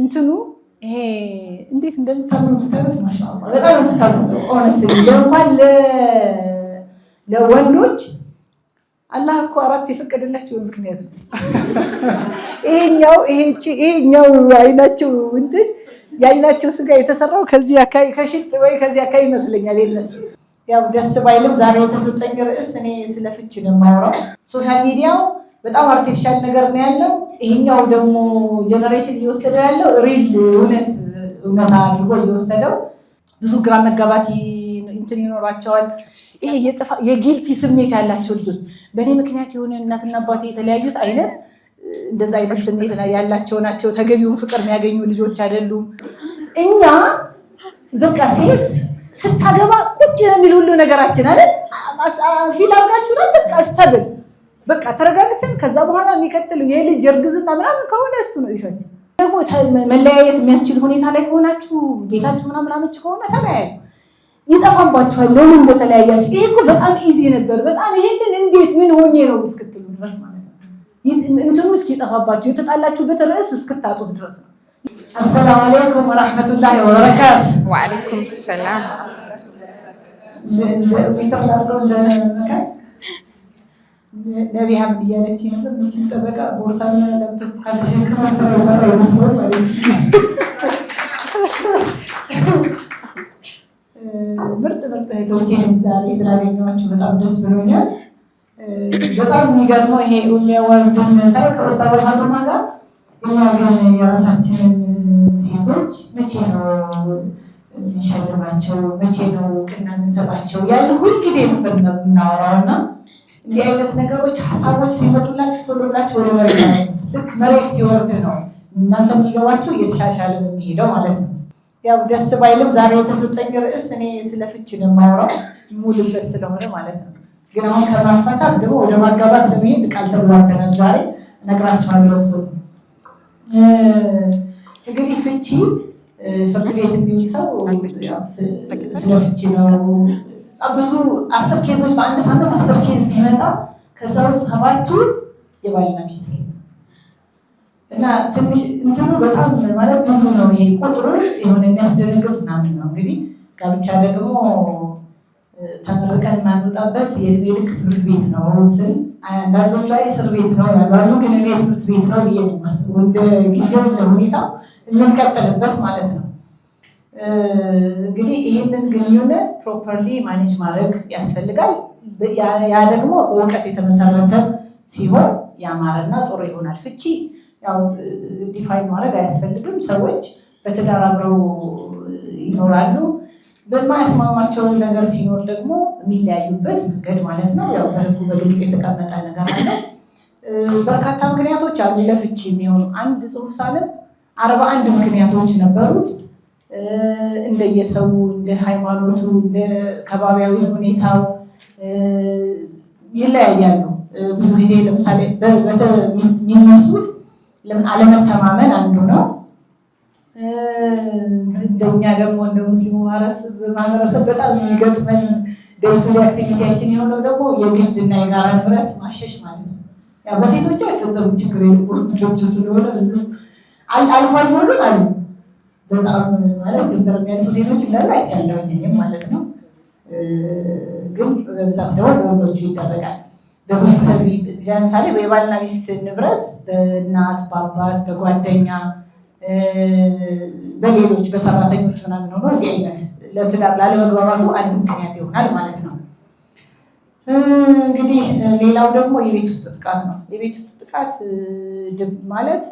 እንትኑ ይሄ እንዴት እንደምታምሩ ብታዩት ማሻአላ በጣም የምታምሩት ነው። ለእንኳን ለወንዶች አላህ እኮ አራት የፈቀደላቸው ምክንያት ነው። ይሄኛው ይሄቺ ይሄኛው አይናቸው እንትን የአይናቸው ስጋ የተሰራው ከዚህ አካባቢ ከሽጥ ወይ ከዚህ አካባቢ ይመስለኛል የነሱ ያው ደስ ባይልም ዛሬ የተሰጠኝ ርዕስ እኔ ስለ ፍቺ ነው የማወራው ሶሻል ሚዲያው በጣም አርቲፊሻል ነገር ነው ያለው። ይሄኛው ደግሞ ጄነሬሽን እየወሰደው ያለው ሪል እውነት እውነታ አድርጎ እየወሰደው ብዙ ግራ መጋባት እንትን ይኖራቸዋል። ይሄ የጊልቲ ስሜት ያላቸው ልጆች በእኔ ምክንያት የሆነ እናትና አባት የተለያዩት አይነት እንደዛ አይነት ስሜት ያላቸው ናቸው። ተገቢውን ፍቅር የሚያገኙ ልጆች አይደሉም። እኛ በቃ ሴት ስታገባ ቁጭ ነው የሚል ሁሉ ነገራችን አለ ፊል አድርጋችሁናል። በቃ ስተብል በቃ ተረጋግተን ከዛ በኋላ የሚቀጥል የልጅ እርግዝና ምናምን ከሆነ እሱ ነው ይሾች ደግሞ መለያየት የሚያስችል ሁኔታ ላይ ከሆናችሁ ቤታችሁ ምናምን ከሆነ ተለያዩ። ይጠፋባችኋል። ለምን እንደተለያያችሁ ይሄ እኮ በጣም ኢዚ ነበር። በጣም ይሄንን እንዴት ምን ሆኜ ነው እስክትሉ ድረስ ማለት ነው። እንትኑ እስኪጠፋባችሁ የተጣላችሁበት ርዕስ እስክታጡት ድረስ ነው። አሰላሙ አለይኩም ወረሕመቱላሂ ወበረካቱ። ወአለይኩም ሰላም ነቢያ ምን እያለች ነበር? መቼም ጠበቃ ቦርሳና ላፕቶፕ ካልተሸከመ ሰራ ማለት ምርጥ ምርጥ እህቶቼን ዛሬ ስላገኘኋቸው በጣም ደስ ብሎኛል። በጣም የሚገርመው ይሄ የሚያዋርዱን ሳይ ከኡስታዝ ፋጡማ ጋር የሚያገን የራሳችንን ሴቶች መቼ ነው የምንሸልማቸው? መቼ ነው ቅና የምንሰጣቸው? ያለ ሁልጊዜ ነበር እናወራውና እንዲህ አይነት ነገሮች ሀሳቦች ሲመጡላችሁ ቶሎ ብላችሁ ወደ መሬት ልክ መሬት ሲወርድ ነው እናንተ የሚገባችሁ እየተሻሻለ የሚሄደው ማለት ነው። ያው ደስ ባይልም ዛሬ የተሰጠኝ ርዕስ እኔ ስለ ፍች ነው የማወራው የምውልበት ስለሆነ ማለት ነው። ግን አሁን ከማፋታት ደግሞ ወደ ማጋባት ለመሄድ ቃል ተግባብተናል። ዛሬ እነግራችኋለሁ። እሱ እንግዲህ ፍቺ ፍርድ ቤት የሚውል ሰው ስለ ፍቺ ነው ብዙ አስር ኬዞች በአንድ ሳምንት አስር ኬዝ ቢመጣ ከዛ ውስጥ ሰባቱ የባልና ሚስት ኬዝ እና ትንሽ እንትኑ በጣም ማለት ብዙ ነው። ይሄ ቁጥሩ የሆነ የሚያስደነግጥ ምናምን ነው። እንግዲህ ጋብቻ ደግሞ ተመርቀን የማንወጣበት የእድሜ ልክ ትምህርት ቤት ነው ስል አንዳንዶቹ ላይ እስር ቤት ነው ያሉ፣ ግን እኔ ትምህርት ቤት ነው ብዬ ነው የማስበው። እንደ ጊዜው ሁኔታ የምንቀጥልበት ማለት ነው። እንግዲህ ይህንን ግንኙነት ፕሮፐርሊ ማኔጅ ማድረግ ያስፈልጋል። ያ ደግሞ በእውቀት የተመሰረተ ሲሆን ያማረና ጥሩ ይሆናል። ፍቺ ያው ዲፋይን ማድረግ አያስፈልግም። ሰዎች በትዳር አብረው ይኖራሉ። በማያስማማቸው ነገር ሲኖር ደግሞ የሚለያዩበት መንገድ ማለት ነው። ያው በህጉ በግልጽ የተቀመጠ ነገር አለ። በርካታ ምክንያቶች አሉ ለፍቺ የሚሆኑ። አንድ ጽሁፍ ሳለም አርባ አንድ ምክንያቶች ነበሩት። እንደየሰው እንደ ሃይማኖቱ እንደ ከባቢያዊ ሁኔታው ይለያያሉ። ብዙ ጊዜ ለምሳሌ የሚነሱት አለመተማመን አንዱ ነው። እንደኛ ደግሞ እንደ ሙስሊሙ ማህበረሰብ በጣም የሚገጥመን ደቱ አክቲቪቲያችን የሆነው ደግሞ የግል እና የጋራ ንብረት ማሸሽ ማለት ነው። በሴቶቹ አይፈጸሙ ችግር የልቦች ስለሆነ ብዙ አልፎ አልፎ ግን አሉ በጣም ማለት ድንበር የሚያልፉ ሴቶች እንዳሉ አይቻለሁ እኔም ማለት ነው። ግን በብዛት ደግሞ በወንዶቹ ይደረጋል። በቤተሰብ ለምሳሌ የባልና ሚስት ንብረት በእናት በአባት በጓደኛ በሌሎች በሰራተኞች ምናምን ሆኖ እንዲህ አይነት ለትዳር ላለመግባባቱ አንድ ምክንያት ይሆናል ማለት ነው። እንግዲህ ሌላው ደግሞ የቤት ውስጥ ጥቃት ነው። የቤት ውስጥ ጥቃት ማለት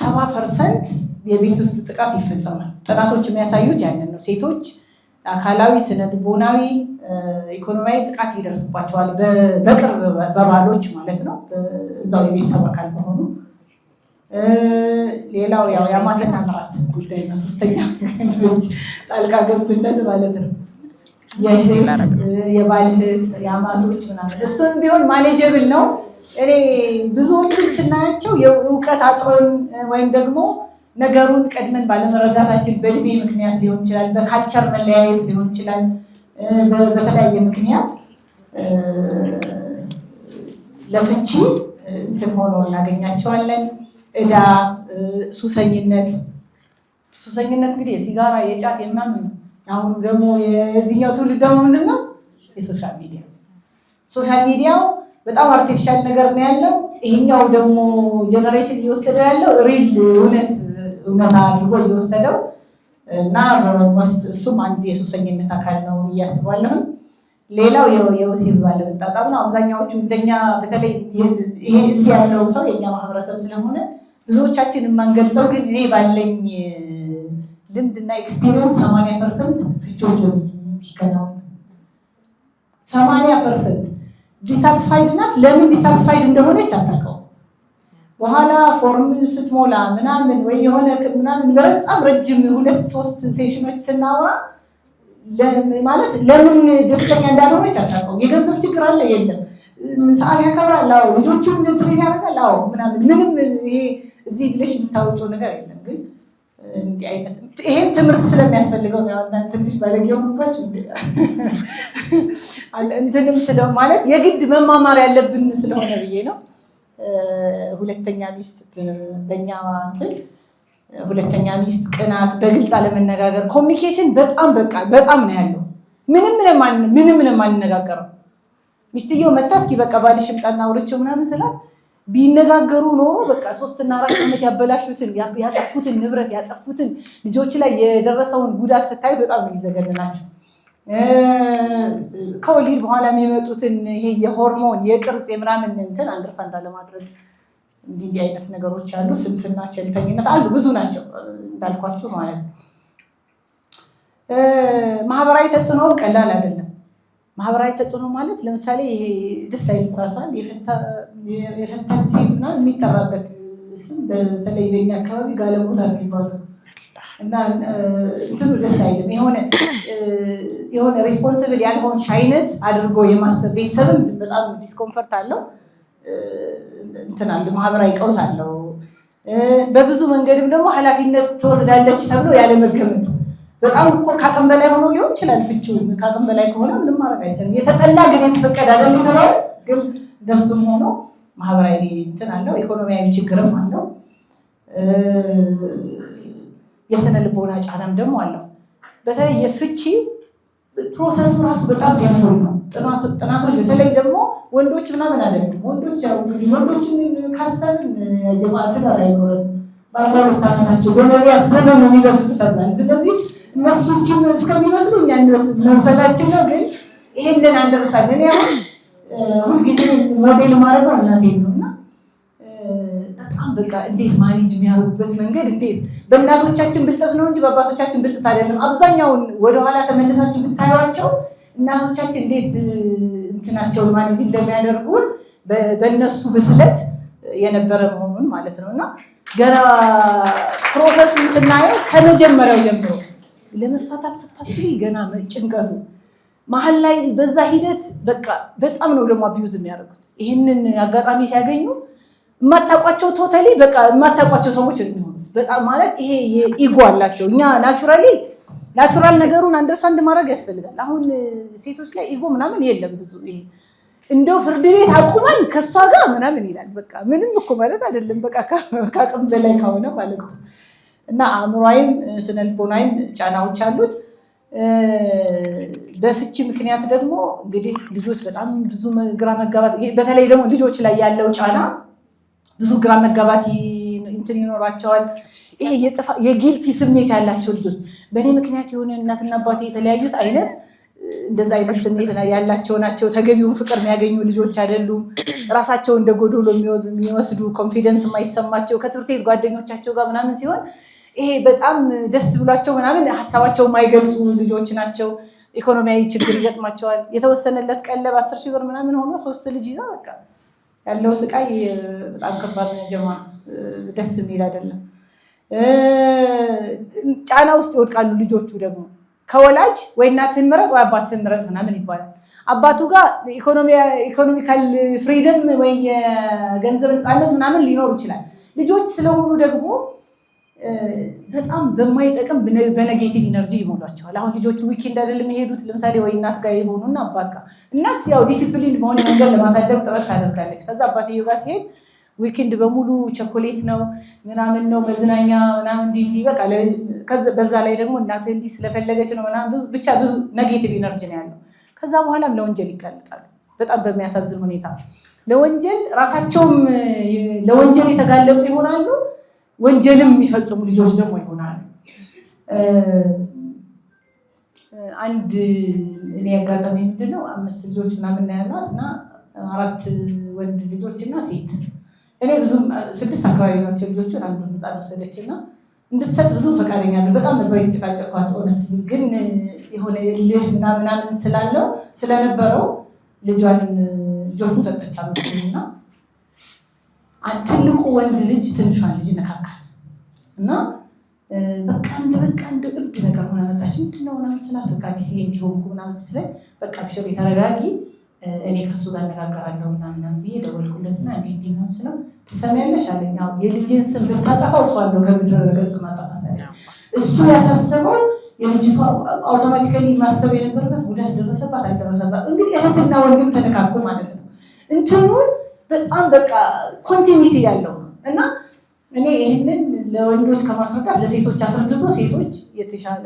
ሰባ ፐርሰንት የቤት ውስጥ ጥቃት ይፈጸማል። ጥናቶች የሚያሳዩት ያንን ነው። ሴቶች አካላዊ፣ ስነ ልቦናዊ፣ ኢኮኖሚያዊ ጥቃት ይደርስባቸዋል። በቅርብ በባሎች ማለት ነው፣ እዛው የቤተሰብ አካል በሆኑ ሌላው ያው የአማትና ምራት ጉዳይ ነው። ሶስተኛ ጣልቃ ገብነት ማለት ነው። የባልህት የአማቶች ምናምን እሱን ቢሆን ማኔጀብል ነው። እኔ ብዙዎቹን ስናያቸው የእውቀት አጥሮን ወይም ደግሞ ነገሩን ቀድመን ባለመረዳታችን በእድሜ ምክንያት ሊሆን ይችላል፣ በካልቸር መለያየት ሊሆን ይችላል፣ በተለያየ ምክንያት ለፍቺ እንትን ሆኖ እናገኛቸዋለን። እዳ፣ ሱሰኝነት ሱሰኝነት እንግዲህ የሲጋራ የጫት የምናምን አሁን ደግሞ የዚህኛው ትውልድ ደግሞ ምንድን ነው የሶሻል ሚዲያ ሶሻል ሚዲያው በጣም አርቲፊሻል ነገር ነው ያለው። ይሄኛው ደግሞ ጀነሬሽን እየወሰደ ያለው ሪል እውነት እውነታ አድርጎ እየወሰደው እና ስ እሱም አንድ የሱሰኝነት አካል ነው እያስባለሁ። ሌላው የወሲብ ባለመጣጣም ነው። አብዛኛዎቹ እንደኛ በተለይ ይሄ እዚህ ያለው ሰው የኛ ማህበረሰብ ስለሆነ ብዙዎቻችን የማንገልጸው ግን እኔ ባለኝ ልምድ እና ኤክስፒሪየንስ ሰማንያ ፐርሰንት ፍቾች ይከናወ ሰማንያ ፐርሰንት ዲሳትስፋይድ እናት ለምን ዲሳትስፋይድ እንደሆነች አታውቀውም። በኋላ ፎርም ስትሞላ ምናምን ወይ የሆነ ምናምን በጣም ረጅም ሁለት ሶስት ሴሽኖች ስናወራ ማለት ለምን ደስተኛ እንዳልሆነች አታውቀውም። የገንዘብ ችግር አለ የለም፣ ሰዓት ያከብራል፣ አዎ፣ ልጆቹን ትሬት ያደርጋል፣ አዎ፣ ምናምን ምንም ይሄ እዚህ ብለሽ የምታወጪው ነገር የለም። ግን እንዲህ አይነት ይሄም ትምህርት ስለሚያስፈልገው ትንሽ ባለጌው ምባች እንትንም ስለ ማለት የግድ መማማር ያለብን ስለሆነ ብዬ ነው። ሁለተኛ ሚስት በእኛ እንትን ሁለተኛ ሚስት ቅናት፣ በግልጽ አለመነጋገር፣ ኮሚኒኬሽን በጣም በቃ በጣም ነው ያለው። ምንም ምንም ምንም አንነጋገረው። ሚስትየው መታ እስኪ በቃ ባልሽ ምጣና አውርቼው ምናምን ስላት ቢነጋገሩ ኖሮ በቃ ሶስትና አራት ዓመት ያበላሹትን ያጠፉትን ንብረት ያጠፉትን ልጆች ላይ የደረሰውን ጉዳት ስታዩት በጣም ነው ይዘገንናቸው። ከወሊድ በኋላ የሚመጡትን ይሄ የሆርሞን የቅርጽ የምናምን እንትን አንድርሳ ለማድረግ እንዲህ እንዲህ አይነት ነገሮች አሉ። ስንፍና፣ ቸልተኝነት አሉ፣ ብዙ ናቸው እንዳልኳችሁ ማለት ነው። ማህበራዊ ተጽዕኖውን ቀላል አይደለም። ማህበራዊ ተጽዕኖ ማለት ለምሳሌ ይሄ ደስ አይል ራሷን የፈታች ሴት የሚጠራበት ስም በተለይ በኛ አካባቢ ጋለሞታ የሚባሉ እና እንትኑ ደስ አይልም። የሆነ የሆነ ሬስፖንስብል ያልሆንሽ አይነት አድርጎ የማሰብ ቤተሰብም በጣም ዲስኮምፈርት አለው እንትን አለ ማህበራዊ ቀውስ አለው። በብዙ መንገድም ደግሞ ኃላፊነት ትወስዳለች ተብሎ ያለመገመቱ በጣም እኮ ከአቅም በላይ ሆኖ ሊሆን ይችላል። ፍቹ ከአቅም በላይ ከሆነ ምንም ማድረግ አይቻልም። የተጠላ ግን የተፈቀደ አይደል የተባለ ግን እንደሱም ሆኖ ማህበራዊ እንትን አለው፣ ኢኮኖሚያዊ ችግርም አለው። የስነ ልቦና ጫናም ደግሞ አለው። በተለይ የፍቺ ፕሮሰሱ ራሱ በጣም ፔንፉል ነው። ጥናቶች በተለይ ደግሞ ወንዶች ምናምን አይደሉም። ወንዶች ወንዶችን ካሰብን ጀማ ትዳር አይኖረን በአርባ ሁለት ዓመታቸው በነቢያት ዘመን ነው የሚበስሉ ተብላል። ስለዚህ እነሱ እስከሚበስሉ እኛ እንድረስ መብሰላችን ነው። ግን ይህንን አንደርሳለን። ያሁን ሁልጊዜ ሞዴል ማድረገው እናቴ ነው እና በጣም በቃ እንዴት ማኔጅ የሚያደርጉበት መንገድ እንዴት በእናቶቻችን ብልጠት ነው እንጂ በአባቶቻችን ብልጠት አይደለም። አብዛኛውን ወደኋላ ተመልሳችሁ ብታዩቸው እናቶቻችን እንዴት እንትናቸውን ማኔጅ እንደሚያደርጉ በእነሱ ብስለት የነበረ መሆኑን ማለት ነው እና ገና ፕሮሰሱን ስናየው ከመጀመሪያው ጀምሮ ለመፋታት ስታስቢ ገና ጭንቀቱ መሀል ላይ በዛ ሂደት በቃ በጣም ነው ደግሞ አቢዩዝ የሚያደርጉት ይህንን አጋጣሚ ሲያገኙ የማታውቋቸው ቶታሊ በቃ የማታውቋቸው ሰዎች ነው በጣም ማለት ይሄ የኢጎ አላቸው። እኛ ናቹራሊ ናቹራል ነገሩን አንደርስታንድ ማድረግ ያስፈልጋል። አሁን ሴቶች ላይ ኢጎ ምናምን የለም ብዙ ይሄ እንደው ፍርድ ቤት አቁመኝ ከእሷ ጋር ምናምን ይላል። በቃ ምንም እኮ ማለት አይደለም። በቃ ከአቅም በላይ ከሆነ ማለት ነው። እና አእምሯይም ስነልቦናይም ጫናዎች አሉት። በፍቺ ምክንያት ደግሞ እንግዲህ ልጆች በጣም ብዙ ግራ መጋባት፣ በተለይ ደግሞ ልጆች ላይ ያለው ጫና ብዙ ግራ መጋባት እንትን ይኖራቸዋል። ይሄ የጊልቲ ስሜት ያላቸው ልጆች በእኔ ምክንያት የሆነ እናትና አባቴ የተለያዩት አይነት እንደዛ አይነት ስሜት ያላቸው ናቸው። ተገቢውን ፍቅር የሚያገኙ ልጆች አይደሉም። ራሳቸው እንደ ጎዶሎ የሚወስዱ ኮንፊደንስ የማይሰማቸው ከትምህርት ቤት ጓደኞቻቸው ጋር ምናምን ሲሆን ይሄ በጣም ደስ ብሏቸው ምናምን ሀሳባቸው የማይገልጹ ልጆች ናቸው። ኢኮኖሚያዊ ችግር ይገጥማቸዋል። የተወሰነለት ቀለብ አስር ሺህ ብር ምናምን ሆኖ ሶስት ልጅ ይዛ በቃ ያለው ስቃይ በጣም ከባድ ነው። ጀማ ደስ የሚል አይደለም። ጫና ውስጥ ይወድቃሉ ልጆቹ ደግሞ ከወላጅ ወይ እናትህን ምረጥ ወይ አባትህን ምረጥ ምናምን ይባላል። አባቱ ጋር ኢኮኖሚካል ፍሪደም ወይ የገንዘብ ነፃነት ምናምን ሊኖር ይችላል። ልጆች ስለሆኑ ደግሞ በጣም በማይጠቅም በኔጌቲቭ ኢነርጂ ይሞሏቸዋል። አሁን ልጆቹ ዊኬንድ አይደለም የሄዱት፣ ለምሳሌ ወይ እናት ጋር የሆኑና አባት ጋር እናት ያው ዲሲፕሊን በሆነ መንገድ ለማሳደግ ጥረት ታደርጋለች። ከዛ አባትየው ጋር ሲሄድ ዊኬንድ በሙሉ ቸኮሌት ነው ምናምን ነው መዝናኛ ምናምን እንዲህ እንዲህ በቃ በዛ ላይ ደግሞ እናት እንዲህ ስለፈለገች ነው ምናምን ብቻ ብዙ ኔጌቲቭ ኢነርጂ ነው ያለው። ከዛ በኋላም ለወንጀል ይጋለጣሉ በጣም በሚያሳዝን ሁኔታ ለወንጀል ራሳቸውም ለወንጀል የተጋለጡ ይሆናሉ። ወንጀልም የሚፈጽሙ ልጆች ደግሞ ይሆናሉ። አንድ እኔ ያጋጠመ ምንድን ነው አምስት ልጆች ምናምን ያላት እና አራት ወንድ ልጆች እና ሴት እኔ ብዙም ስድስት አካባቢ ናቸው ልጆቹን አንዱ ህፃን ወሰደች እና እንድትሰጥ ብዙ ፈቃደኛ ነው። በጣም ነበር የተጨቃጨቋት። ኦነስት ግን የሆነ ልህ ምናምናምን ስላለው ስለነበረው ልጇን ልጆቹን ሰጠች አምስት እና ትልቁ ወንድ ልጅ ትንሿን ልጅ ነካካት እና በቃ እንደ በቃ እንደ እብድ ነገር ሆነ መጣች። ምንድነው ምናምን ስላት በቃ ዲስ እንዲሆንኩ ምናምን ስትለኝ በቃ ብሽር የተረጋጊ እኔ ከሱ ጋር አነጋገራለሁ ምናምን ብዬ ደወልኩለት እና እንዲ እንዲ ነው ስለው ትሰሚያለሽ አለኝ። የልጅን ስም ብታጠፋው እሷ አለው ከምድረ ገጽ ማጠፋት አለ እሱ ያሳሰበው የልጅቷ አውቶማቲካሊ ማሰብ የነበረበት ጉዳት ደረሰባት አልደረሰባት። እንግዲህ እህትና ወንድም ተነካኩ ማለት ነው እንትኑን በጣም በቃ ኮንቲኒቲ ያለው እና እኔ ይህንን ለወንዶች ከማስረዳት ለሴቶች አስረድቶ ሴቶች የተሻለ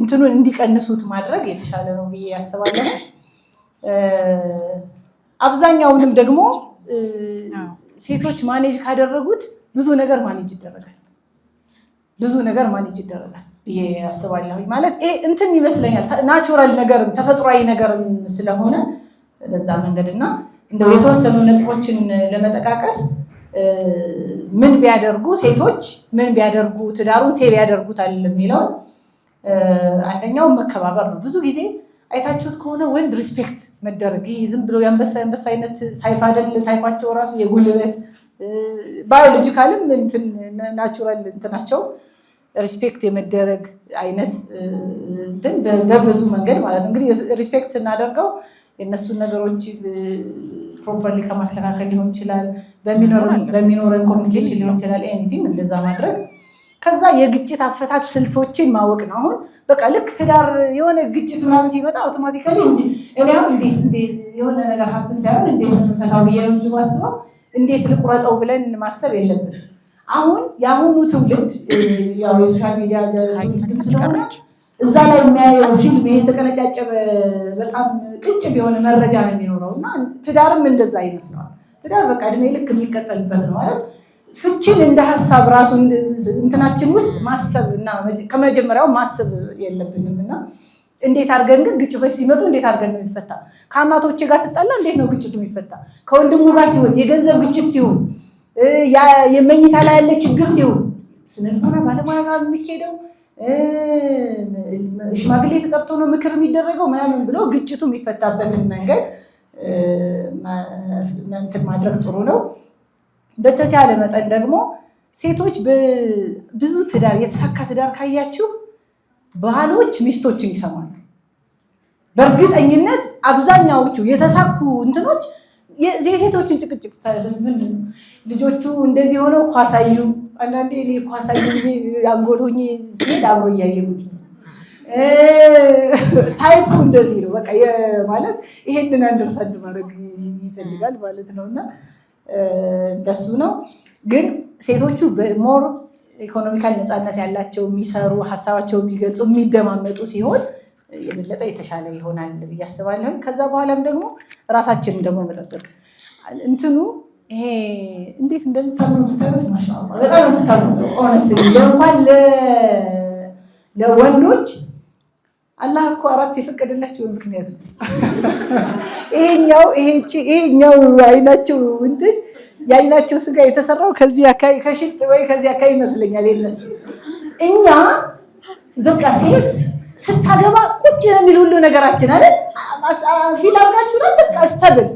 እንትኑን እንዲቀንሱት ማድረግ የተሻለ ነው ብዬ ያስባለሁ። አብዛኛውንም ደግሞ ሴቶች ማኔጅ ካደረጉት ብዙ ነገር ማኔጅ ይደረጋል፣ ብዙ ነገር ማኔጅ ይደረጋል ብዬ ያስባለሁ። ማለት እንትን ይመስለኛል ናቹራል ነገርም ተፈጥሯዊ ነገርም ስለሆነ በዛ መንገድ እና እንደው የተወሰኑ ነጥቦችን ለመጠቃቀስ ምን ቢያደርጉ ሴቶች ምን ቢያደርጉ ትዳሩን ሴብ ያደርጉታል የሚለው አንደኛው መከባበር ነው። ብዙ ጊዜ አይታችሁት ከሆነ ወንድ ሪስፔክት መደረግ ይህ ዝም ብሎ የአንበሳ አይነት ታይፕ አይደል። ታይፓቸው ራሱ የጉልበት ባዮሎጂካልም እንትን ናቹራል እንትናቸው ሪስፔክት የመደረግ አይነት እንትን በብዙ መንገድ ማለት ነው። እንግዲህ ሪስፔክት ስናደርገው የእነሱን ነገሮች ፕሮፐርሊ ከማስተካከል ሊሆን ይችላል፣ በሚኖረን ኮሚኒኬሽን ሊሆን ይችላል። ኤኒቲንግ እንደዛ ማድረግ ከዛ የግጭት አፈታት ስልቶችን ማወቅ ነው። አሁን በቃ ልክ ትዳር የሆነ ግጭት ምናምን ሲመጣ አውቶማቲካሊ እኔም እንዴት የሆነ ነገር ሀብት ሲያደርግ እንዴት ፈታው ብዬ ነው እንጂ ማስበው እንዴት ልቁረጠው ብለን ማሰብ የለብን። አሁን የአሁኑ ትውልድ ያው የሶሻል ሚዲያ ትውልድም ስለሆነ እዛ ላይ የሚያየው ፊልም ይሄ የተቀነጫጨበ በጣም ቅንጭብ የሆነ መረጃ ነው የሚኖረው እና ትዳርም እንደዛ ይመስለዋል። ትዳር በቃ እድሜ ልክ የሚቀጠልበት ነው ማለት ፍቺን እንደ ሀሳብ ራሱ እንትናችን ውስጥ ማሰብ እና ከመጀመሪያው ማሰብ የለብንም እና እንዴት አድርገን ግን ግጭቶች ሲመጡ እንዴት አድርገን ነው የሚፈታ? ከአማቶቼ ጋር ስጠላ እንዴት ነው ግጭቱ የሚፈታ? ከወንድሙ ጋር ሲሆን የገንዘብ ግጭት ሲሆን የመኝታ ላይ ያለ ችግር ሲሆን ስነልቦና ባለሙያ ጋር የሚካሄደው ሽማግሌ ተጠርቶ ነው ምክር የሚደረገው ምናምን ብሎ ግጭቱ የሚፈታበትን መንገድ እንትን ማድረግ ጥሩ ነው። በተቻለ መጠን ደግሞ ሴቶች ብዙ ትዳር የተሳካ ትዳር ካያችሁ ባሎች ሚስቶችን ይሰማሉ። በእርግጠኝነት አብዛኛዎቹ የተሳኩ እንትኖች የሴቶችን ጭቅጭቅ ስታዘን ምንድን ነው ልጆቹ እንደዚህ ሆነው ኳሳዩ አንዳንዴ እኔ ኳሳዩ አንጎል ሆኜ ስሄድ አብሮ እያየጉት ታይፑ እንደዚህ ነው። በቃ ማለት ይሄንን አንደርሳል ማድረግ ይፈልጋል ማለት ነው። እና እንደሱ ነው። ግን ሴቶቹ በሞር ኢኮኖሚካል ነፃነት ያላቸው የሚሰሩ ሀሳባቸው የሚገልጹ የሚደማመጡ ሲሆን የበለጠ የተሻለ ይሆናል ብዬ አስባለሁ። ከዛ በኋላም ደግሞ ራሳችንን ደግሞ መጠበቅ እንትኑ ይሄ እንዴት እንደምታምሩት በጣም እንኳን ለወንዶች አላህ እኮ አራት የፈቀደላቸው ምክንያት ነው። ይሄኛው ይሄኛው አይናቸው እንትን የአይናቸው ስጋ የተሰራው ከዚህ አካባቢ ከሽጥ ወይ ከዚህ አካባቢ ይመስለኛል የነሱ እኛ በቃ ሴት ስታገባ ቁጭ ነው የሚል ሁሉ ነገራችን አለ ፊል አርጋችሁ አድርጋችሁናል። በቃ እስተብል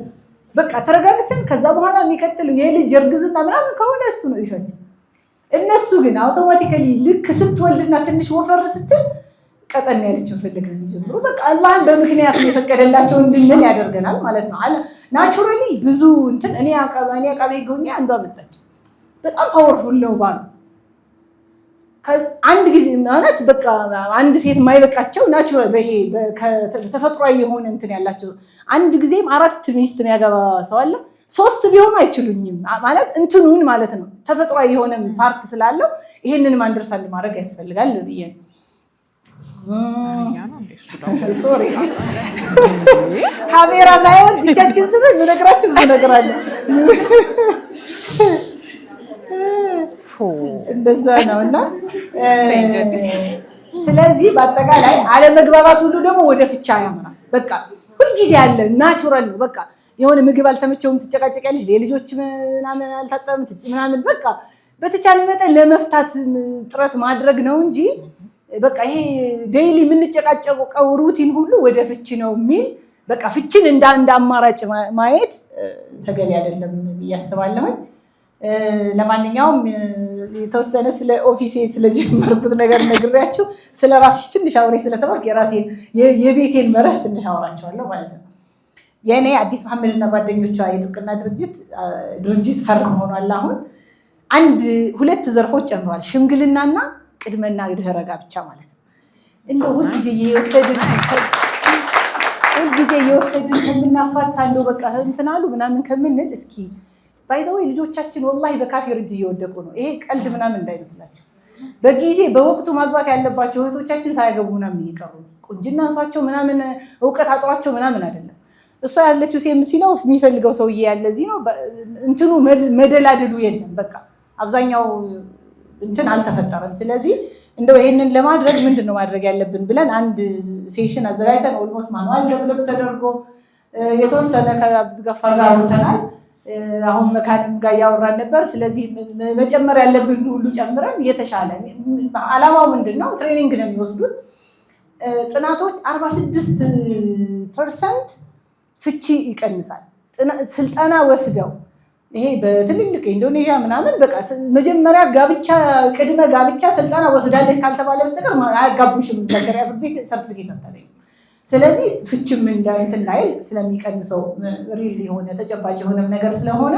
በቃ ተረጋግተን ከዛ በኋላ የሚቀጥል የልጅ እርግዝና ምናምን ከሆነ እሱ ነው ይሻች። እነሱ ግን አውቶማቲካሊ ልክ ስትወልድና ትንሽ ወፈር ስትል ቀጠን ያለችን ፈልግ ነው የሚጀምሩ። በቃ አላህን በምክንያት ነው የፈቀደላቸው እንድንል ያደርገናል ማለት ነው። አለ ናቹራሊ ብዙ እንትን እኔ አቃባኔ አቃቤ ገኛ አንዷ መጣች። በጣም ፓወርፉል ነው ባሉ አንድ ጊዜ ማለት በቃ አንድ ሴት የማይበቃቸው ናቹራል በይሄ ተፈጥሯዊ የሆነ እንትን ያላቸው አንድ ጊዜም አራት ሚስት የሚያገባ ሰው አለ። ሶስት ቢሆኑ አይችሉኝም ማለት እንትኑን ማለት ነው። ተፈጥሯዊ የሆነ ፓርት ስላለው ይሄንንም አንደርስታንድ ማድረግ ያስፈልጋል ብዬ ሶሪ ካሜራ ሳይሆን ብቻችን ስለ የምነግራቸው ብዙ ነገር አለ። እንደዛ ነው እና ስለዚህ በአጠቃላይ አለመግባባት ሁሉ ደግሞ ወደ ፍቻ ያምራል። በቃ ሁልጊዜ አለ፣ ናቹራል ነው። በቃ የሆነ ምግብ አልተመቸውም፣ ትጨቃጨቂያለሽ፣ የልጆች ምናምን አልታጠብም ምናምን በቃ በተቻለ መጠን ለመፍታት ጥረት ማድረግ ነው እንጂ በቃ ይሄ ዴይሊ የምንጨቃጨቀው ሩቲን ሁሉ ወደ ፍቺ ነው የሚል በቃ ፍቺን እንደ አንድ አማራጭ ማየት ተገቢ አይደለም ብዬ አስባለሁኝ። ለማንኛውም የተወሰነ ስለ ኦፊሴ ስለጀመርኩት ነገር ነግሬያቸው ስለ ራስሽ ትንሽ አውሬ ስለተባልክ የራሴ የቤቴን መርህ ትንሽ አውራቸዋለሁ ማለት ነው። የእኔ አዲስ መሐመድና ጓደኞቿ የጥብቅና ድርጅት ድርጅት ፈርም ሆኗል። አሁን አንድ ሁለት ዘርፎች ጨምሯል፣ ሽምግልናና ቅድመና ድህረ ጋብቻ ማለት ነው። እንደ ሁልጊዜ እየወሰድን ሁልጊዜ እየወሰድን ከምናፋታ በቃ እንትን አሉ ምናምን ከምንል እስኪ ባይዘወይ ልጆቻችን ወላሂ በካፊር እጅ እየወደቁ ነው። ይሄ ቀልድ ምናምን እንዳይመስላችሁ። በጊዜ በወቅቱ ማግባት ያለባቸው እህቶቻችን ሳያገቡ ምናምን እየቀሩ ነው። ቁንጅና እንሷቸው ምናምን እውቀት አጥሯቸው ምናምን አይደለም። እሷ ያለችው ሴምሲ ነው የሚፈልገው ሰውዬ ያለ እዚህ ነው እንትኑ መደላድሉ የለም። በቃ አብዛኛው እንትን አልተፈጠረም። ስለዚህ እንደው ይሄንን ለማድረግ ምንድን ነው ማድረግ ያለብን ብለን አንድ ሴሽን አዘጋጅተን ኦልሞስት ማኑዋል ደብሎፕ ተደርጎ የተወሰነ ከጋፋ ጋር አውርተናል። አሁን መካንም ጋር እያወራን ነበር። ስለዚህ መጨመር ያለብን ሁሉ ጨምረን የተሻለ አላማው ምንድን ነው? ትሬኒንግ ነው የሚወስዱት ጥናቶች አርባ ፐርሰንት ፍቺ ይቀንሳል። ስልጠና ወስደው ይሄ በትልልቅ ኢንዶኔዥያ ምናምን በቃ መጀመሪያ ጋብቻ ቅድመ ጋብቻ ስልጠና ወስዳለች ካልተባለ በስተቀር አያጋቡሽም። እዛ ሸሪያ ፍርድ ቤት ሰርቲፊኬት አታገኝም። ስለዚህ ፍችም እንትን ላይል ስለሚቀንሰው ሪል የሆነ ተጨባጭ የሆነም ነገር ስለሆነ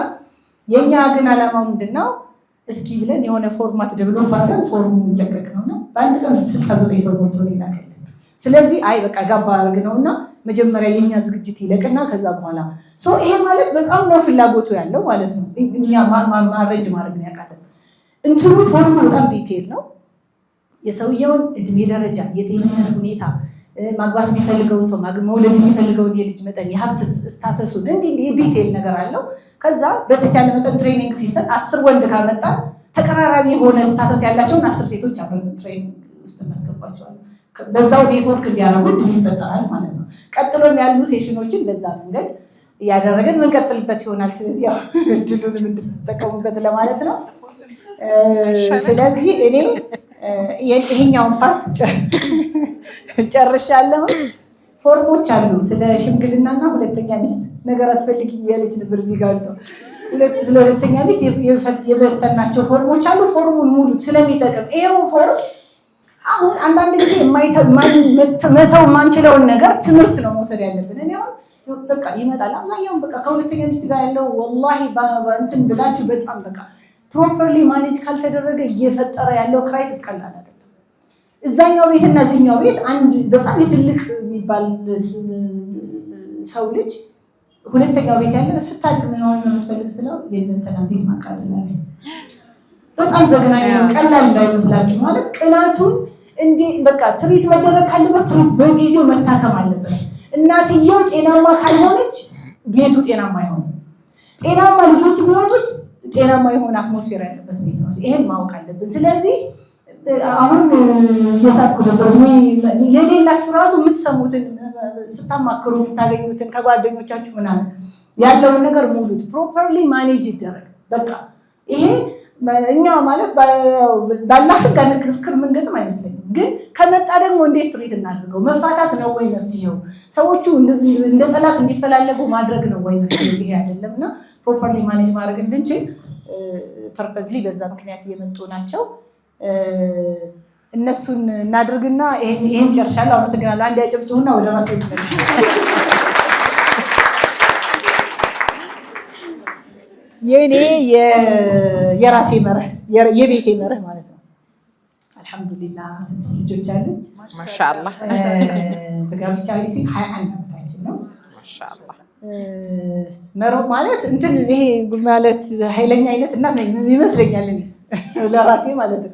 የእኛ ግን ዓላማው ምንድን ነው? እስኪ ብለን የሆነ ፎርማት ደብሎፕ ባለን ፎርሙ ይለቀቅ ነው እና በአንድ ቀን ስልሳ ዘጠኝ ሰው ሞልቶ ነው ስለዚህ አይ በቃ ጋባ አድርግ ነው እና መጀመሪያ የኛ ዝግጅት ይለቅና ከዛ በኋላ ይሄ ማለት በጣም ነው ፍላጎቱ ያለው ማለት ነው። እኛ ማረጅ ማድረግ ነው እንትኑ ፎርሙ በጣም ዲቴል ነው። የሰውየውን እድሜ ደረጃ፣ የጤንነት ሁኔታ ማግባት የሚፈልገው ሰው መውለድ የሚፈልገውን የልጅ መጠን የሀብት ስታተሱን እንዲህ ዲቴል ነገር አለው። ከዛ በተቻለ መጠን ትሬኒንግ ሲሰጥ አስር ወንድ ካመጣ ተቀራራቢ የሆነ ስታተስ ያላቸውን አስር ሴቶች አብረን ትሬኒንግ ውስጥ እናስገባቸዋለን። በዛው ኔትወርክ እንዲያረጉ ይፈጠራል ማለት ነው። ቀጥሎም ያሉ ሴሽኖችን በዛ መንገድ እያደረገን ምንቀጥልበት ይሆናል። ስለዚህ ያው እድሉንም እንድትጠቀሙበት ለማለት ነው። ስለዚህ እኔ ይሄኛውን ፓርት ጨርሻለሁ። ፎርሞች አሉ ስለ ሽምግልናና ሁለተኛ ሚስት ነገር አትፈልግ ያለች ነበር። እዚህ ጋር ነው ስለ ሁለተኛ ሚስት የበተናቸው ፎርሞች አሉ። ፎርሙን ሙሉት ስለሚጠቅም ይሄው ፎርም አሁን አንዳንድ ጊዜ መተው የማንችለውን ነገር ትምህርት ነው መውሰድ ያለብን። እኔ አሁን በቃ ይመጣል አብዛኛውን በቃ ከሁለተኛ ሚስት ጋር ያለው ወላሂ እንትን ብላችሁ በጣም በቃ ፕሮፐርሊ ማኔጅ ካልተደረገ እየፈጠረ ያለው ክራይሲስ ቀላል አይደለም። እዛኛው ቤት እና እዚኛው ቤት አንድ በጣም የትልቅ የሚባል ሰው ልጅ ሁለተኛው ቤት ያለ ስታድግ ምን ሆን የምትፈልግ ስለው የእንትና ቤት ማቃጠል አለ። በጣም ዘግናኝ ነው። ቀላል እንዳይመስላችሁ ማለት ቅናቱን እንዴ በቃ ትሪት መደረግ ካለበት ትሪት በጊዜው መታከም አለበት። እናትየው ጤናማ ካልሆነች ቤቱ ጤናማ አይሆንም። ጤናማ ልጆች የሚወጡት ጤናማ የሆነ አትሞስፌር ያለበት ቤት ነው። ይሄን ማወቅ አለብን። ስለዚህ አሁን እየሳኩ ነበር የሌላችሁ ራሱ የምትሰሙትን ስታማክሩ የምታገኙትን ከጓደኞቻችሁ ምናምን ያለውን ነገር ሙሉት። ፕሮፐርሊ ማኔጅ ይደረግ። በቃ ይሄ እኛ ማለት ባላ ህግ ንክርክር ምንገጥም አይመስለኝም። ግን ከመጣ ደግሞ እንዴት ትሪት እናደርገው መፋታት ነው ወይ መፍትሄው? ሰዎቹ እንደ ጠላት እንዲፈላለጉ ማድረግ ነው ወይ መፍትሄው? ይሄ አይደለም እና ፕሮፐርሊ ማኔጅ ማድረግ እንድንችል ፐርፐዝሊ በዛ ምክንያት እየመጡ ናቸው። እነሱን እናድርግና ይህን ጨርሻለሁ። አመሰግናለሁ። አንድ ያጨብጭቡና ወደ ራስ የእኔ የራሴ መርህ የቤቴ መርህ ማለት ነው። አልሐምዱሊላ ስድስት ልጆች አሉ። ማሻላ በጋብቻ ቤት ሀያ አንድ ዓመታችን ነው። ማሻላ መሮ ማለት እንትን ይሄ ማለት ኃይለኛ አይነት እናት ይመስለኛል ለራሴ ማለት ነው።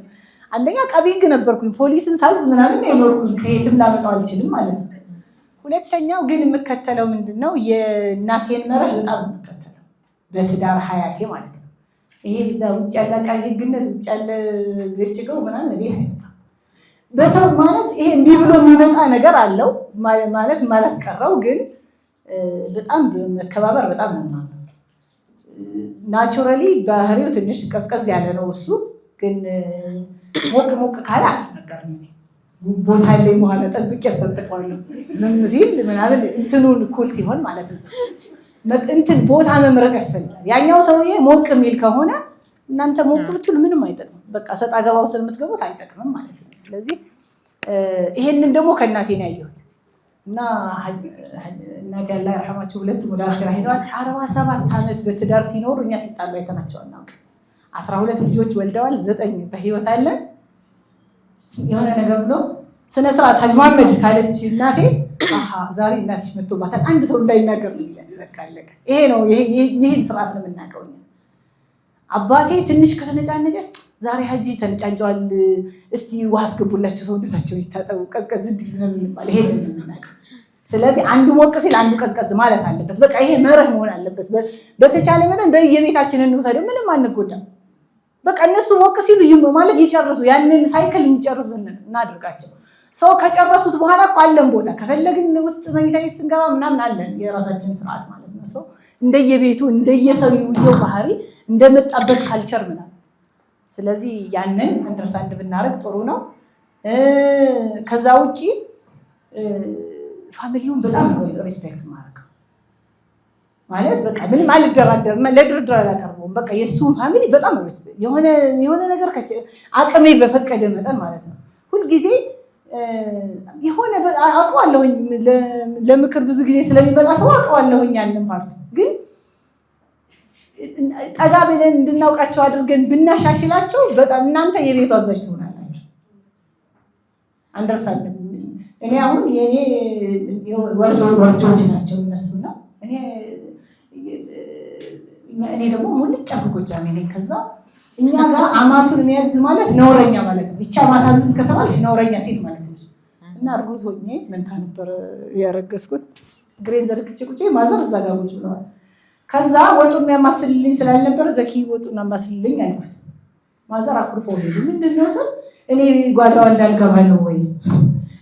አንደኛ ቀቢ ሕግ ነበርኩኝ ፖሊስን ሳዝ ምናምን የኖርኩኝ ከየትም ላመጣው አልችልም ማለት ነው። ሁለተኛው ግን የምከተለው ምንድን ነው የእናቴን መርህ በጣም የምከተለው በትዳር ሀያቴ ማለት ነው። ይሄ እዛ ውጭ ያለ ቀቢ ሕግነት ውጭ ያለ ጭገው ምናምን እቤ በተው ማለት ይሄ እንዲህ ብሎ የሚመጣ ነገር አለው ማለት ማላስቀረው ግን በጣም መከባበር በጣም ነው። ናቹራሊ ባህሪው ትንሽ ቀዝቀዝ ያለ ነው እሱ ግን ሞቅ ሞቅ ካለ አልነገርም። ቦታ ላይ በኋላ ጠብቅ ያስጠንጥቀዋለሁ። ዝም ሲል ምናምን እንትኑን ኩል ሲሆን ማለት ነው። እንትን ቦታ መምረጥ ያስፈልጋል። ያኛው ሰውዬ ሞቅ የሚል ከሆነ እናንተ ሞቅ ብትሉ ምንም አይጠቅምም። በቃ ሰጣ ገባ ውስጥ የምትገቡት አይጠቅምም ማለት ነው። ስለዚህ ይሄንን ደግሞ ከእናቴ ነው ያየሁት። እና እናቴ አላህ ይርሐማቸው ሁለቱም ወደ አኺራ ሄደዋል። አርባ ሰባት ዓመት በትዳር ሲኖሩ እኛ ሲጣሉ አይተናቸው አናውቅም። አስራ ሁለት ልጆች ወልደዋል። ዘጠኝ በህይወት አለ። የሆነ ነገር ብሎ ስነ ስርዓት ሀጅ መሐመድ ካለች እናቴ ዛሬ እናትሽ መቶባታል አንድ ሰው እንዳይናገር ነው ይላል። በቃ አለቀ። ይሄ ነው ይሄን ስርዓት ነው የምናውቀው። አባቴ ትንሽ ከተነጫነጨ ዛሬ ሀጂ ተንጫንጫዋል። እስቲ ውሃ አስገቡላቸው ሰውነታቸው ይታጠቡ፣ ቀዝቀዝ እንዲሉ ነው የምንባል። ይሄ የምንናገር ስለዚህ አንዱ ሞቅ ሲል አንዱ ቀዝቀዝ ማለት አለበት። በቃ ይሄ መርህ መሆን አለበት። በተቻለ መጠን በየቤታችን እንውሰደው፣ ምንም አንጎዳም። በቃ እነሱ ሞቅ ሲሉ ይህ ማለት ይጨርሱ፣ ያንን ሳይክል የሚጨርሱ እናድርጋቸው። ሰው ከጨረሱት በኋላ እኮ አለን ቦታ ከፈለግን ውስጥ መኝታ ቤት ስንገባ ምናምን አለን የራሳችን ስርዓት ማለት ነው። ሰው እንደየቤቱ እንደየሰውየው ባህሪ እንደመጣበት ካልቸር ምናምን ስለዚህ ያንን አንደርስታንድ ብናደርግ ጥሩ ነው። ከዛ ውጭ ፋሚሊውን በጣም ሪስፔክት ማድረግ ማለት በቃ ምንም አልደራደር ለድርድር አላቀርበውም። በቃ የእሱን ፋሚሊ በጣም የሆነ ነገር አቅሜ በፈቀደ መጠን ማለት ነው ሁልጊዜ የሆነ አውቀዋለሁኝ ለምክር ብዙ ጊዜ ስለሚመጣ ሰው አውቀዋለሁኝ ያንን ፓርት ጠጋ ብለን እንድናውቃቸው አድርገን ብናሻሽላቸው በጣም እናንተ የቤቱ አዛዥ ትሆናላችሁ። አንደርሳለን። እኔ አሁን የእኔ ወርዶ ወርዶች ናቸው እነሱ ነው። እኔ ደግሞ ሙልጫ ጎጃሜ ነኝ። ከዛ እኛ ጋር አማቱን የሚያዝ ማለት ነውረኛ ማለት ነው። ብቻ ማታዝዝ አዝዝ ከተባለች ነውረኛ ሴት ማለት ነው። እና እርጉዝ ሆኜ መንታ ነበር ያረገዝኩት። ግሬን ዘርግቼ ቁጭ ማዘር እዛ ጋር ቁጭ ብለዋል ከዛ ወጡ የሚያማስልልኝ ስላልነበር ዘኪ ወጡ የሚያማስልልኝ አልኩት። ማዘር አኩርፎ ምንድነው ሰው እኔ ጓዳዋ እንዳልገባ ነው ወይ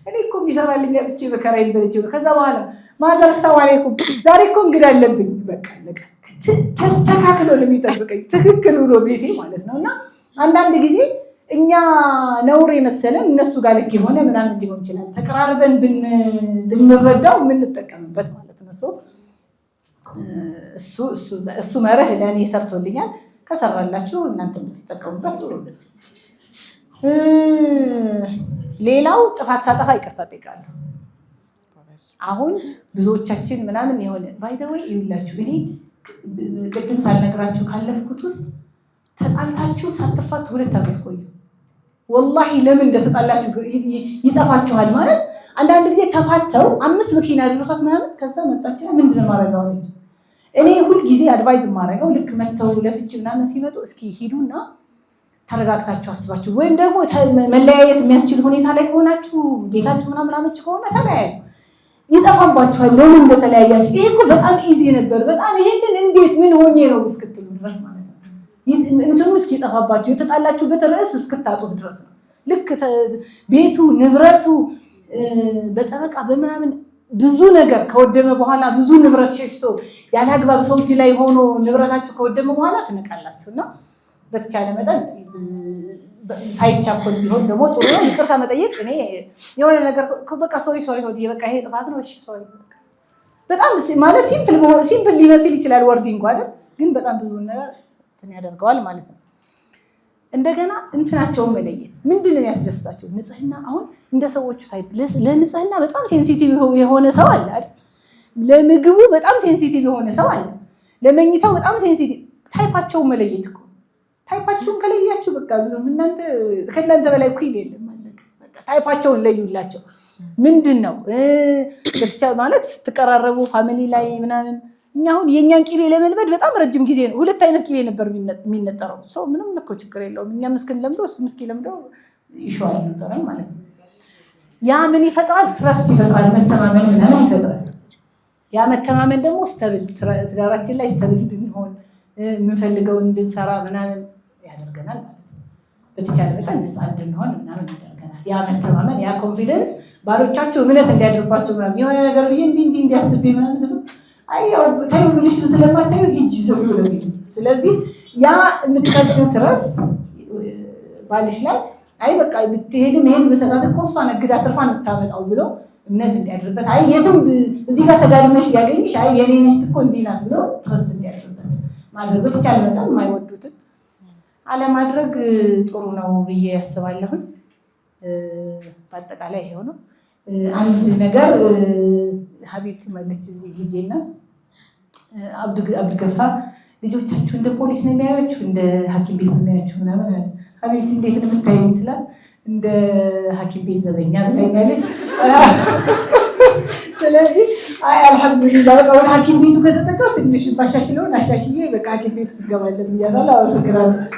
እኔ እኮ የሚሰራልኝ አጥቼ በከራይ በለች። ከዛ በኋላ ማዘር ሰው አለይኩም ዛሬ እኮ እንግዳ አለብኝ በቃ ለቀ ተስተካክሎ የሚጠብቀኝ፣ ትክክል ውሎ ቤቴ ማለት ነው። እና አንዳንድ ጊዜ እኛ ነውር የመሰለን እነሱ ጋር ልክ የሆነ ምናምን ሊሆን ይችላል። ተቀራርበን ብንረዳው የምንጠቀምበት ማለት ነው። እሱ መርህ ለእኔ ሰርቶልኛል። ከሰራላችሁ እናንተ የምትጠቀሙበት ጥሩ። ሌላው ጥፋት ሳጠፋ ይቅርታ አሁን ብዙዎቻችን ምናምን የሆነ ባይተወይ ይውላችሁ እኔ ቅድም ሳልነግራችሁ ካለፍኩት ውስጥ ተጣልታችሁ ሳትፋት ሁለት ዓመት ቆዩ። ወላሂ ለምን እንደተጣላችሁ ይጠፋችኋል። ማለት አንዳንድ ጊዜ ተፋተው አምስት መኪና ደረሷት ምናምን ከዛ መጣች ምንድነው ማድረግ እኔ ሁልጊዜ አድቫይዝ የማደርገው ልክ መተው ለፍች ምናምን ሲመጡ እስኪ ሂዱና ተረጋግታችሁ አስባችሁ ወይም ደግሞ መለያየት የሚያስችል ሁኔታ ላይ ከሆናችሁ ቤታችሁ ምናምን አመች ከሆነ ተለያዩ። ይጠፋባችኋል፣ ለምን እንደተለያያችሁ። ይሄ እኮ በጣም ኢዚ ነበር፣ በጣም ይሄንን እንዴት ምን ሆኜ ነው እስክትሉ ድረስ ማለት ነው። እንትኑ እስኪጠፋባችሁ የተጣላችሁበት ርዕስ እስክታጡት ድረስ ነው። ልክ ቤቱ ንብረቱ በጠበቃ በምናምን ብዙ ነገር ከወደመ በኋላ ብዙ ንብረት ሸሽቶ ያለ አግባብ ሰው እጅ ላይ ሆኖ ንብረታችሁ ከወደመ በኋላ ትንቃላችሁ እና በተቻለ መጠን ሳይቻኮል ቢሆን ደግሞ ጥሩ ነው። ይቅርታ መጠየቅ እኔ የሆነ ነገር በቃ ሶሪ ሶሪ ሆድ በቃ ይሄ ጥፋት ነው እሺ ሶሪ በጣም ማለት ሲምፕል ሲምፕል ሊመስል ይችላል ወርዲንግ አይደል፣ ግን በጣም ብዙ ነገር ያደርገዋል ማለት ነው። እንደገና እንትናቸውን መለየት ምንድን ነው ያስደስታቸው? ንጽህና አሁን እንደ ሰዎቹ ለንጽህና በጣም ሴንሲቲቭ የሆነ ሰው አለ አይደል? ለምግቡ በጣም ሴንሲቲቭ የሆነ ሰው አለ፣ ለመኝታው በጣም ሴንሲቲቭ። ታይፓቸውን መለየት እኮ ታይፓቸውን ከለያችሁ በቃ ብዙ ከእናንተ በላይ ኩል የለም። ታይፓቸውን ለዩላቸው። ምንድን ነው ማለት ስትቀራረቡ ፋሚሊ ላይ ምናምን እኛ አሁን የእኛን ቂቤ ለመልመድ በጣም ረጅም ጊዜ ነው። ሁለት አይነት ቂቤ ነበር የሚነጠረው። ሰው ምንም እኮ ችግር የለውም። እኛም እስክንለምደው እሱም እስኪለምደው ይሸዋል ነበረ ማለት ነው። ያ ምን ይፈጥራል? ትረስት ይፈጥራል። መተማመን ምናምን ይፈጥራል። ያ መተማመን ደግሞ ስተብል ትዳራችን ላይ ስተብል እንድንሆን የምንፈልገውን እንድንሰራ ምናምን ያደርገናል ማለት ነው። በተቻለ በጣም ነፃ እንድንሆን ምናምን ያደርገናል። ያ መተማመን ያ ኮንፊደንስ ባሎቻቸው እምነት እንዲያደርባቸው ምናምን የሆነ ነገር ብዬ እንዲህ እንዲህ እንዲያስብ ምናምን ስሉ አይ ተይው ብልሽ ስለማታዩ ሂጂ ሰው ነው። ነው። ስለዚህ ያ የምትቀጥለው ትረስት ባልሽ ላይ አይ በቃ ብትሄድም ይሄን መሰጣት እኮ እሷ ነግዳ ትርፋ ነው የምታመጣው ብሎ እምነት እንዲያድርበት፣ አይ የትም እዚህ ጋር ተጋድመሽ ቢያገኝሽ አይ የኔ ሚስት እኮ እንዲህ ናት ብሎ ትረስት እንዲያድርበት ማድረግ በተቻለ መጠን የማይወዱትን አለማድረግ ጥሩ ነው ብዬ ያስባለሁኝ። በአጠቃላይ ይሄው ነው። አንድ ነገር ሀቢብቲ መለች እዚህ ጊዜ እና አብድ ገፋ ልጆቻችሁ እንደ ፖሊስ ነው የሚያያችሁ፣ እንደ ሐኪም ቤት ነው የሚያዩችሁ ምናምን አለ። አቤት እንዴት ነው የምታየው ስላት እንደ ሐኪም ቤት ዘበኛ ብለኛለች። ስለዚህ አይ አልሐምዱሊላ በቃ ወደ ሐኪም ቤቱ ከተጠቀው ትንሽ ባሻሽለውን አሻሽዬ በቃ ሐኪም ቤቱ ትገባለን እያዛል አመሰግናለሁ።